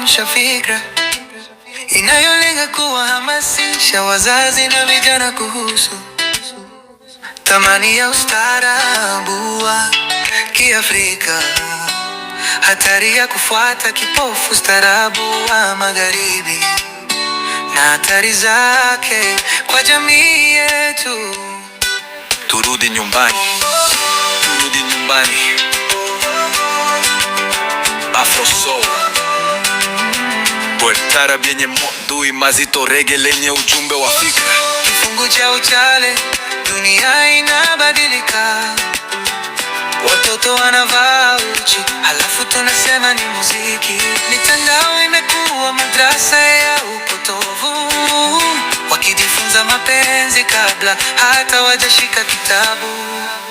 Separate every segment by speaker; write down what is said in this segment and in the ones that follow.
Speaker 1: kuamsha fikra inayolenga kuwahamasisha wazazi na vijana kuhusu thamani ya ustaarabu wa Kiafrika, hatari ya kufuata kipofu ustaarabu wa Magharibi na hatari zake kwa jamii yetu.
Speaker 2: Turudi nyumbani, turudi nyumbani. Boy, tarab yenye maudhui mazito, rege lenye ujumbe wa fikra,
Speaker 1: kifungu cha uchale. Dunia inabadilika, watoto wanavaa uchi, halafu tunasema ni muziki. Mitandao imekuwa madrasa ya upotovu, wakijifunza mapenzi kabla hata wajashika kitabu.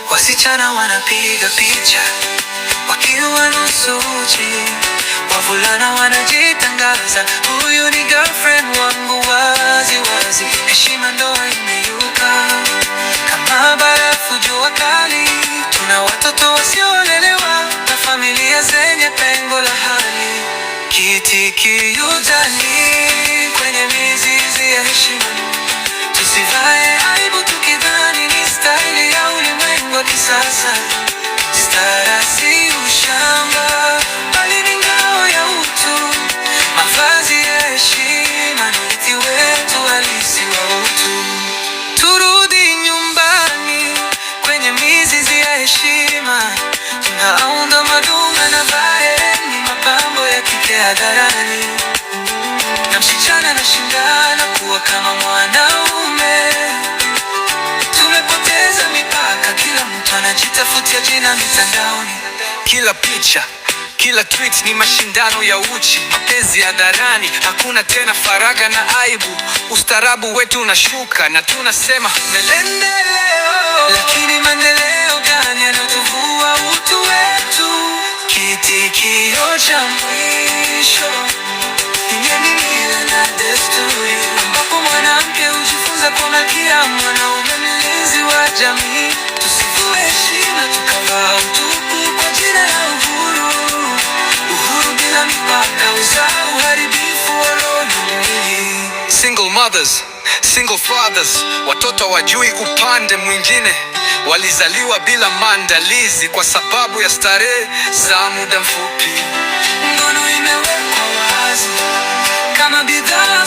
Speaker 1: Wasichana wanapiga picha wakiwa nusu uchi wavulana wanajitangaza, huyu ni girlfriend wangu wazi wazi. Heshima ndo imeyuka kama barafu jua kali, tuna watoto wasiolelewa na familia zenye pengo la hali. Kitikio gani kwenye mizizi ya heshima, tusivae aibu tukidhani hadharani na msichana kuwa kama mwanaume. Tumepoteza mipaka, kila mtu anajitafutia jina mitandaoni,
Speaker 2: kila picha kila tweet ni mashindano ya uchi, mapenzi hadharani, hakuna tena faraga na aibu. ustarabu wetu unashuka na tunasema
Speaker 1: maendeleo, lakini maendeleo gani yanatuvua utu wetu? Kitikio cha mwisho ingenimia na desturi, ambapo mwanamke
Speaker 2: Single mothers Single fathers, watoto wajui upande mwingine, walizaliwa bila maandalizi kwa sababu ya starehe za muda mfupi.
Speaker 1: Ngono imewekwa wazi kama bidhaa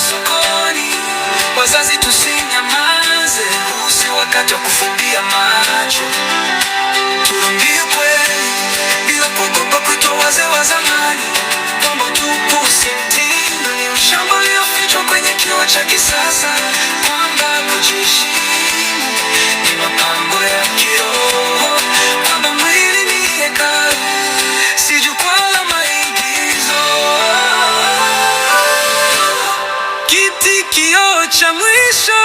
Speaker 1: kilimo cha kisasa kwamba kujiheshimu ni mapambo ya kiroho, kwamba mwili ni hekalu, si jukwaa la maigizo. Kiti cha mwisho